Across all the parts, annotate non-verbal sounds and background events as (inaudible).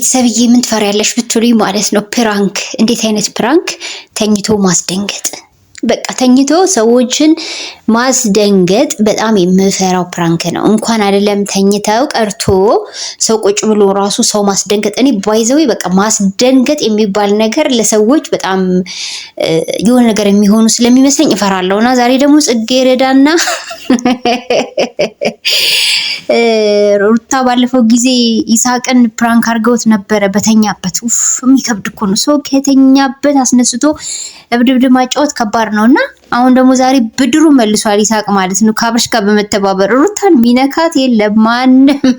ቤተሰብዬ ምን ትፈሪያለሽ ብትሉኝ ማለት ነው ፕራንክ። እንዴት አይነት ፕራንክ? ተኝቶ ማስደንገጥ። በቃ ተኝቶ ሰዎችን ማስደንገጥ በጣም የምፈራው ፕራንክ ነው። እንኳን አይደለም ተኝተው ቀርቶ ሰው ቁጭ ብሎ ራሱ ሰው ማስደንገጥ። እኔ ባይዘዌ በቃ ማስደንገጥ የሚባል ነገር ለሰዎች በጣም የሆነ ነገር የሚሆኑ ስለሚመስለኝ እፈራለሁ እና ዛሬ ደግሞ ረዳና። (laughs) ሩታ ባለፈው ጊዜ ይሳቅን ፕራንክ አድርገውት ነበረ በተኛበት። ኡፍ የሚከብድ እኮ ነው። ሰው ከተኛበት አስነስቶ እብድብድ ማጫወት ከባድ ነው እና አሁን ደግሞ ዛሬ ብድሩ መልሷል ይሳቅ ማለት ነው። ከአብርሽ ጋር በመተባበር ሩታን ሚነካት የለም ማንም። (laughs)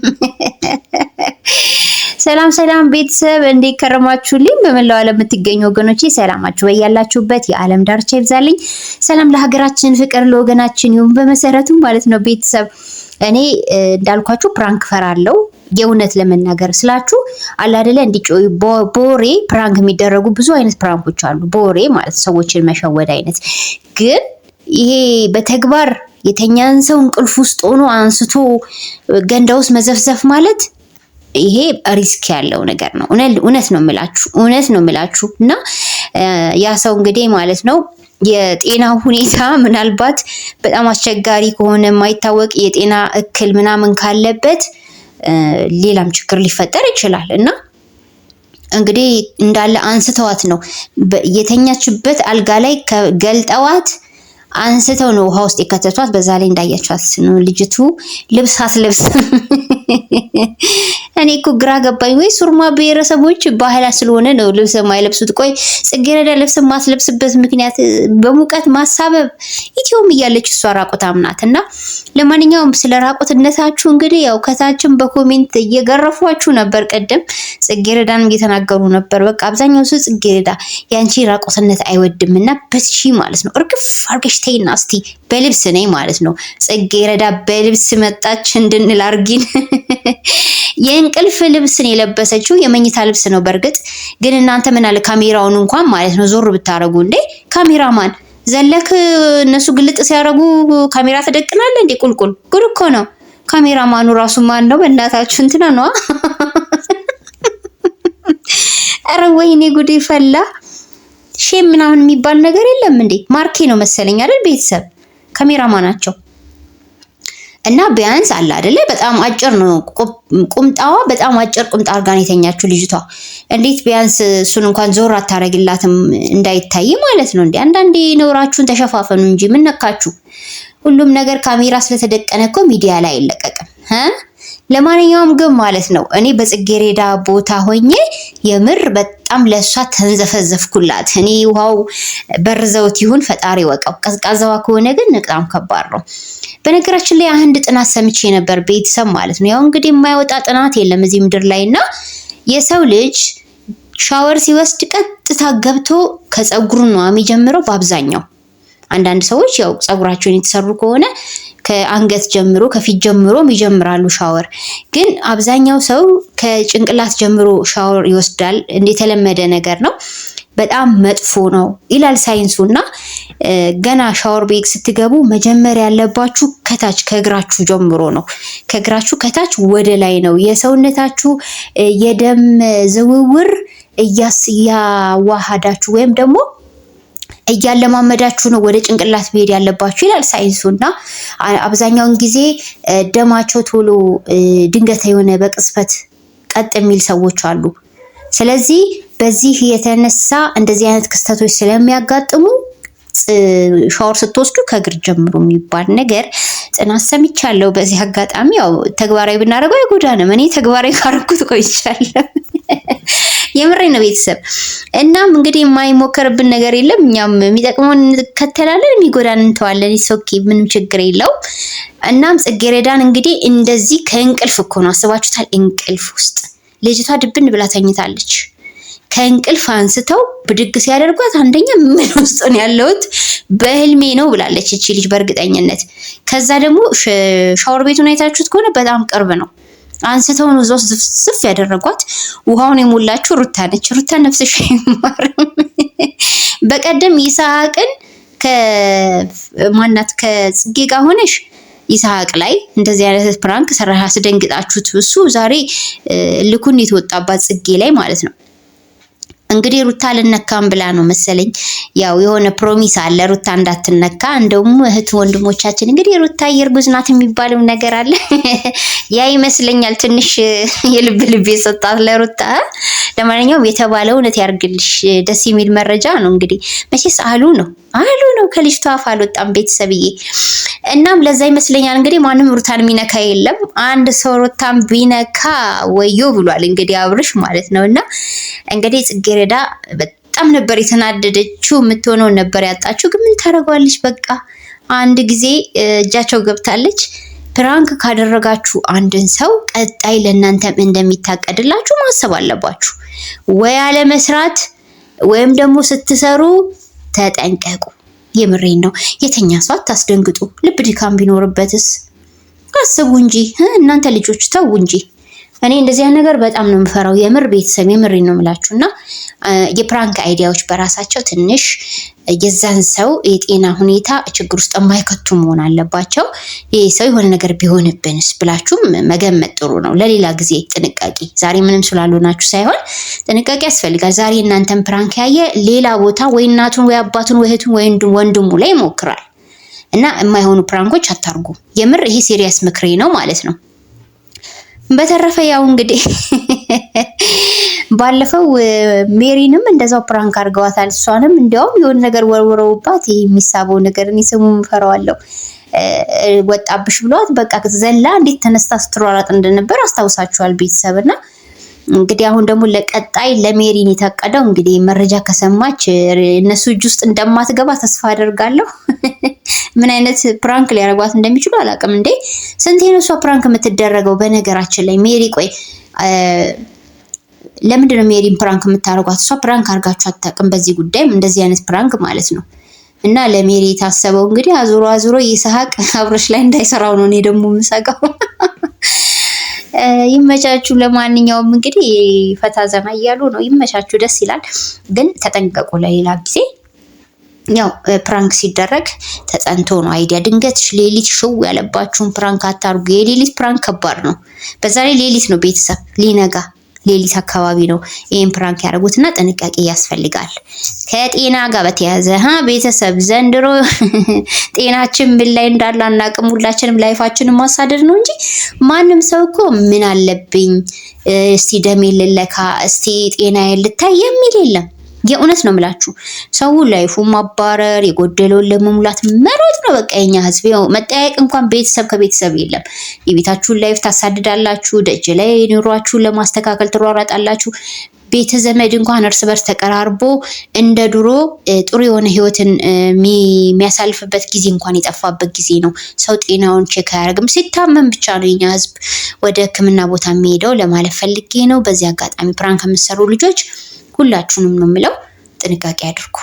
ሰላም ሰላም ቤተሰብ እንዴት ከረማችሁልኝ? በመላው ዓለም የምትገኙ ወገኖቼ ሰላማችሁ በያላችሁበት የዓለም ዳርቻ ይብዛልኝ። ሰላም ለሀገራችን፣ ፍቅር ለወገናችን ይሁን። በመሰረቱ ማለት ነው ቤተሰብ እኔ እንዳልኳችሁ ፕራንክ ፈራለው። የእውነት ለመናገር ስላችሁ አላደለ እንዲጮ ቦሬ ፕራንክ የሚደረጉ ብዙ አይነት ፕራንኮች አሉ። ቦሬ ማለት ሰዎችን መሸወድ አይነት። ግን ይሄ በተግባር የተኛን ሰው እንቅልፍ ውስጥ ሆኖ አንስቶ ገንዳ ውስጥ መዘፍዘፍ ማለት ይሄ ሪስክ ያለው ነገር ነው። እውነት ነው የምላችሁ እውነት ነው የምላችሁ እና ያ ሰው እንግዲህ ማለት ነው የጤና ሁኔታ ምናልባት በጣም አስቸጋሪ ከሆነ የማይታወቅ የጤና እክል ምናምን ካለበት ሌላም ችግር ሊፈጠር ይችላል እና እንግዲህ እንዳለ አንስተዋት ነው የተኛችበት አልጋ ላይ ገልጠዋት አንስተው ነው ውሃ ውስጥ የከተቷት። በዛ ላይ እንዳያቸዋት ልጅቱ ልብስ አትለብስም። እኔ እኮ ግራ ገባኝ። ወይ ሱርማ ብሔረሰቦች ባህላ ስለሆነ ነው ልብስ የማይለብሱት። ቆይ ጽጌረዳ ልብስ ማስለብስበት ምክንያት በሙቀት ማሳበብ ኢትዮም እያለች እሷ ራቁታም ናት። እና ለማንኛውም ስለ ራቁትነታችሁ እንግዲህ ያው ከታችን በኮሜንት እየገረፏችሁ ነበር። ቀደም ጽጌረዳንም እየተናገሩ ነበር። በቃ አብዛኛው ሰው ጽጌረዳ ያንቺ ራቁትነት አይወድም እና በሺ ማለት ነው እርግፍ አርገሽ ተይና እስቲ በልብስ ነኝ ማለት ነው ጽጌረዳ በልብስ መጣች እንድንል አርጊን። (laughs) የእንቅልፍ ልብስን የለበሰችው የመኝታ ልብስ ነው። በእርግጥ ግን እናንተ ምን አለ ካሜራውን እንኳን ማለት ነው ዞር ብታረጉ እንዴ! ካሜራማን ዘለክ እነሱ ግልጥ ሲያደርጉ ካሜራ ተደቅናለ እንዴ! ቁልቁል ጉድ እኮ ነው። ካሜራማኑ ራሱ ማን ነው? በእናታችሁ እንትና ነዋ። (laughs) ኧረ ወይኔ ጉድ ፈላ። ሼም ምናምን የሚባል ነገር የለም እንዴ! ማርኬ ነው መሰለኝ አይደል? ቤተሰብ ካሜራማ ናቸው። እና ቢያንስ አለ አይደለ በጣም አጭር ነው ቁምጣዋ፣ በጣም አጭር ቁምጣ ነው የተኛችው ልጅቷ። እንዴት ቢያንስ እሱን እንኳን ዞር አታረግላትም እንዳይታይ ማለት ነው። እንዴ አንዳንዴ ነውራችሁን ተሸፋፈኑ እንጂ ምን ነካችሁ? ሁሉም ነገር ካሜራ ስለተደቀነ እኮ ሚዲያ ላይ አይለቀቅም። ለማንኛውም ግን ማለት ነው እኔ በጽጌሬዳ ቦታ ሆኜ የምር በጣም ለእሷ ተንዘፈዘፍኩላት። እኔ ውሃው በርዘውት ይሁን ፈጣሪ ወቀው። ቀዝቃዛዋ ከሆነ ግን በጣም ከባድ ነው። በነገራችን ላይ አንድ ጥናት ሰምቼ ነበር ቤተሰብ ማለት ነው። ያው እንግዲህ የማይወጣ ጥናት የለም እዚህ ምድር ላይ እና የሰው ልጅ ሻወር ሲወስድ ቀጥታ ገብቶ ከፀጉሩ ነው የሚጀምረው በአብዛኛው። አንዳንድ ሰዎች ያው ፀጉራቸውን የተሰሩ ከሆነ ከአንገት ጀምሮ ከፊት ጀምሮም ይጀምራሉ ሻወር። ግን አብዛኛው ሰው ከጭንቅላት ጀምሮ ሻወር ይወስዳል፣ እንደተለመደ ነገር ነው። በጣም መጥፎ ነው ይላል ሳይንሱ። እና ገና ሻወር ቤግ ስትገቡ መጀመሪያ ያለባችሁ ከታች ከእግራችሁ ጀምሮ ነው። ከእግራችሁ ከታች ወደ ላይ ነው የሰውነታችሁ የደም ዝውውር እያዋሃዳችሁ ወይም ደግሞ እያለማመዳችሁ ነው ወደ ጭንቅላት መሄድ ያለባችሁ ይላል ሳይንሱ። እና አብዛኛውን ጊዜ ደማቸው ቶሎ ድንገት የሆነ በቅጽበት ቀጥ የሚል ሰዎች አሉ። ስለዚህ በዚህ የተነሳ እንደዚህ አይነት ክስተቶች ስለሚያጋጥሙ ሻወር ስትወስዱ ከእግር ጀምሮ የሚባል ነገር ጽናት ሰምቻለሁ። በዚህ አጋጣሚ ያው ተግባራዊ ብናደርገው አይጎዳንም። እኔ ተግባራዊ ካረኩት ቆይቻለሁ። (laughs) የምሬ ነው ቤተሰብ። እናም እንግዲህ የማይሞከርብን ነገር የለም። እኛም የሚጠቅመውን እንከተላለን፣ የሚጎዳን እንተዋለን። ሶኪ ምንም ችግር የለው። እናም ጽጌረዳን እንግዲህ እንደዚህ ከእንቅልፍ እኮ ነው አስባችሁታል። እንቅልፍ ውስጥ ልጅቷ ድብን ብላ ተኝታለች። ከእንቅልፍ አንስተው ብድግ ሲያደርጓት አንደኛ ምን ውስጥ ነው ያለሁት በህልሜ ነው ብላለች እቺ ልጅ በእርግጠኝነት። ከዛ ደግሞ ሻወር ቤቱን አይታችሁት ከሆነ በጣም ቅርብ ነው። አንስተውን እዛ ውስጥ ዝፍዝፍ ያደረጓት ውሃውን የሞላችው ሩታ ነች። ሩታ ነፍስሽ አይማርም። በቀደም ይስሐቅን ከማናት ከጽጌ ጋር ሆነሽ ይስሐቅ ላይ እንደዚህ አይነት ፕራንክ ሰራሽ አስደንግጣችሁት። እሱ ዛሬ ልኩን የተወጣባት ጽጌ ላይ ማለት ነው። እንግዲህ ሩታ አልነካም ብላ ነው መሰለኝ። ያው የሆነ ፕሮሚስ አለ ሩታ እንዳትነካ። እንደውም እህት ወንድሞቻችን እንግዲህ ሩታ እርጉዝ ናት የሚባልም ነገር አለ። (laughs) ያ ይመስለኛል ትንሽ የልብ ልብ የሰጣት ለሩታ። ለማንኛውም የተባለው እውነት ያርግልሽ። ደስ የሚል መረጃ ነው። እንግዲህ መቼስ አሉ ነው አሉ ነው ከልጅቷ አፍ አልወጣም ቤተሰብዬ። እናም ለዛ ይመስለኛል እንግዲህ ማንም ሩታን የሚነካ የለም። አንድ ሰው ሩታን ቢነካ ወዮ ብሏል እንግዲህ አብርሽ ማለት ነው እና እንግዲህ ጽጌረዳ በጣም ነበር የተናደደችው። የምትሆነውን ነበር ያጣችው። ግን ምን ታደርገዋለች? በቃ አንድ ጊዜ እጃቸው ገብታለች። ፕራንክ ካደረጋችሁ አንድን ሰው ቀጣይ ለእናንተም እንደሚታቀድላችሁ ማሰብ አለባችሁ። ወይ አለመስራት ወይም ደግሞ ስትሰሩ ተጠንቀቁ። የምሬን ነው። የተኛ ሰው አታስደንግጡ። ልብ ድካም ቢኖርበትስ አስቡ እንጂ እናንተ ልጆች ተው እንጂ። እኔ እንደዚህ ነገር በጣም ነው የምፈራው። የምር ቤተሰብ የምሬ ነው የምላችሁ እና የፕራንክ አይዲያዎች በራሳቸው ትንሽ የዛን ሰው የጤና ሁኔታ ችግር ውስጥ የማይከቱ መሆን አለባቸው። ይህ ሰው የሆነ ነገር ቢሆንብንስ ብላችሁም መገመት ጥሩ ነው። ለሌላ ጊዜ ጥንቃቄ፣ ዛሬ ምንም ስላልሆናችሁ ሳይሆን ጥንቃቄ ያስፈልጋል። ዛሬ እናንተን ፕራንክ ያየ ሌላ ቦታ ወይ እናቱን ወይ አባቱን ወይ እህቱን ወይ ወንድሙ ላይ ይሞክራል እና የማይሆኑ ፕራንኮች አታርጉ። የምር ይሄ ሲሪየስ ምክሬ ነው ማለት ነው። በተረፈ ያው እንግዲህ ባለፈው ሜሪንም እንደዛው ፕራንክ አድርገዋታል። እሷንም እንዲያውም የሆነ ነገር ወርውረውባት ይሄ የሚሳበው ነገር እኔ ስሙ እፈራዋለሁ ወጣብሽ ብሏት በቃ ዘላ እንዴት ተነስታ ስትሯራጥ እንደነበር አስታውሳችኋል ቤተሰብና እንግዲህ አሁን ደግሞ ለቀጣይ ለሜሪን የታቀደው እንግዲህ መረጃ ከሰማች እነሱ እጅ ውስጥ እንደማትገባ ተስፋ አደርጋለሁ። (laughs) ምን አይነት ፕራንክ ሊያደርጓት እንደሚችሉ አላውቅም። እንዴ ስንቴ ነው እሷ ፕራንክ የምትደረገው? በነገራችን ላይ ሜሪ ቆይ ለምንድን ነው ሜሪን ፕራንክ የምታደርጓት? እሷ ፕራንክ አድርጋችሁ አታውቅም። በዚህ ጉዳይም እንደዚህ አይነት ፕራንክ ማለት ነው። እና ለሜሪ የታሰበው እንግዲህ አዙሮ አዙሮ ይስሐቅ አብረሽ ላይ እንዳይሰራው ነው። እኔ ደግሞ የምሰጋው (laughs) ይመቻችሁ። ለማንኛውም እንግዲህ ፈታ ዘና እያሉ ነው። ይመቻችሁ፣ ደስ ይላል። ግን ተጠንቀቁ። ለሌላ ጊዜ ያው ፕራንክ ሲደረግ ተጠንቶ ነው አይዲያ። ድንገት ሌሊት ሽው ያለባችሁን ፕራንክ አታርጉ። የሌሊት ፕራንክ ከባድ ነው። በዛ ላይ ሌሊት ነው ቤተሰብ ሊነጋ ሌሊት አካባቢ ነው ይህን ፕራንክ ያደረጉትና ጥንቃቄ ያስፈልጋል። ከጤና ጋር በተያያዘ ቤተሰብ ዘንድሮ (laughs) ጤናችን ምን ላይ እንዳለ አናቅም። ሁላችንም ላይፋችንን ማሳደድ ነው እንጂ ማንም ሰው እኮ ምን አለብኝ እስቲ ደሜ ልለካ እስቲ ጤናዬን ልታይ የሚል የለም። የእውነት ነው ምላችሁ ሰው ላይፉ ማባረር የጎደለውን ለመሙላት መሮጥ ነው። በቃ የኛ ህዝብ መጠያየቅ እንኳን ቤተሰብ ከቤተሰብ የለም። የቤታችሁን ላይፍ ታሳድዳላችሁ። ደጅ ላይ ኑሯችሁን ለማስተካከል ትሯራጣላችሁ። ቤተ ዘመድ እንኳን እርስ በርስ ተቀራርቦ እንደ ድሮ ጥሩ የሆነ ህይወትን የሚያሳልፍበት ጊዜ እንኳን የጠፋበት ጊዜ ነው። ሰው ጤናውን ቼክ አያደርግም። ሲታመም ብቻ ነው የኛ ህዝብ ወደ ህክምና ቦታ የሚሄደው ለማለት ፈልጌ ነው። በዚህ አጋጣሚ ፕራንክ ከምትሰሩ ልጆች ሁላችሁንም ነው የምለው፣ ጥንቃቄ አድርጉ።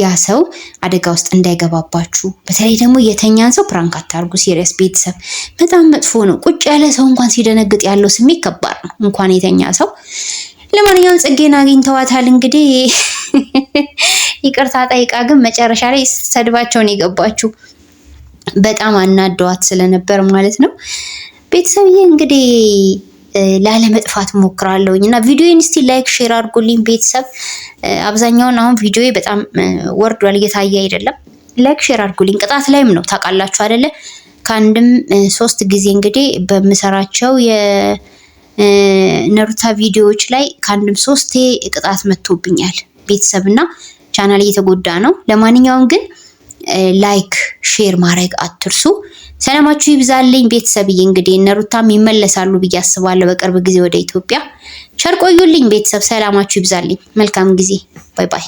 ያ ሰው አደጋ ውስጥ እንዳይገባባችሁ። በተለይ ደግሞ የተኛን ሰው ፕራንክ አታርጉ። ሲሪየስ ቤተሰብ በጣም መጥፎ ነው። ቁጭ ያለ ሰው እንኳን ሲደነግጥ ያለው ስሜት ከባድ ነው፣ እንኳን የተኛ ሰው። ለማንኛውም ጽጌን አግኝተዋታል እንግዲህ (laughs) ይቅርታ ጠይቃ ግን መጨረሻ ላይ ሰድባቸውን የገባችሁ በጣም አናደዋት ስለነበር ማለት ነው ቤተሰብዬ እንግዲህ ላለመጥፋት ሞክራለሁ እና ቪዲዮን እስቲ ላይክ ሼር አድርጉልኝ ቤተሰብ። አብዛኛውን አሁን ቪዲዮ በጣም ወርዷል፣ እየታየ አይደለም። ላይክ ሼር አድርጉልኝ። ቅጣት ላይም ነው ታውቃላችሁ አይደለ? ከአንድም ሶስት ጊዜ እንግዲህ በምሰራቸው የነሩታ ቪዲዮዎች ላይ ከአንድም ሶስቴ ቅጣት መጥቶብኛል ቤተሰብና ቻናል እየተጎዳ ነው። ለማንኛውም ግን ላይክ ሼር ማድረግ አትርሱ። ሰላማችሁ ይብዛልኝ ቤተሰብዬ። እንግዲህ እነ ሩታም ይመለሳሉ ብዬ አስባለሁ በቅርብ ጊዜ ወደ ኢትዮጵያ። ቸር ቆዩልኝ ቤተሰብ። ሰላማችሁ ይብዛልኝ። መልካም ጊዜ። ባይ ባይ።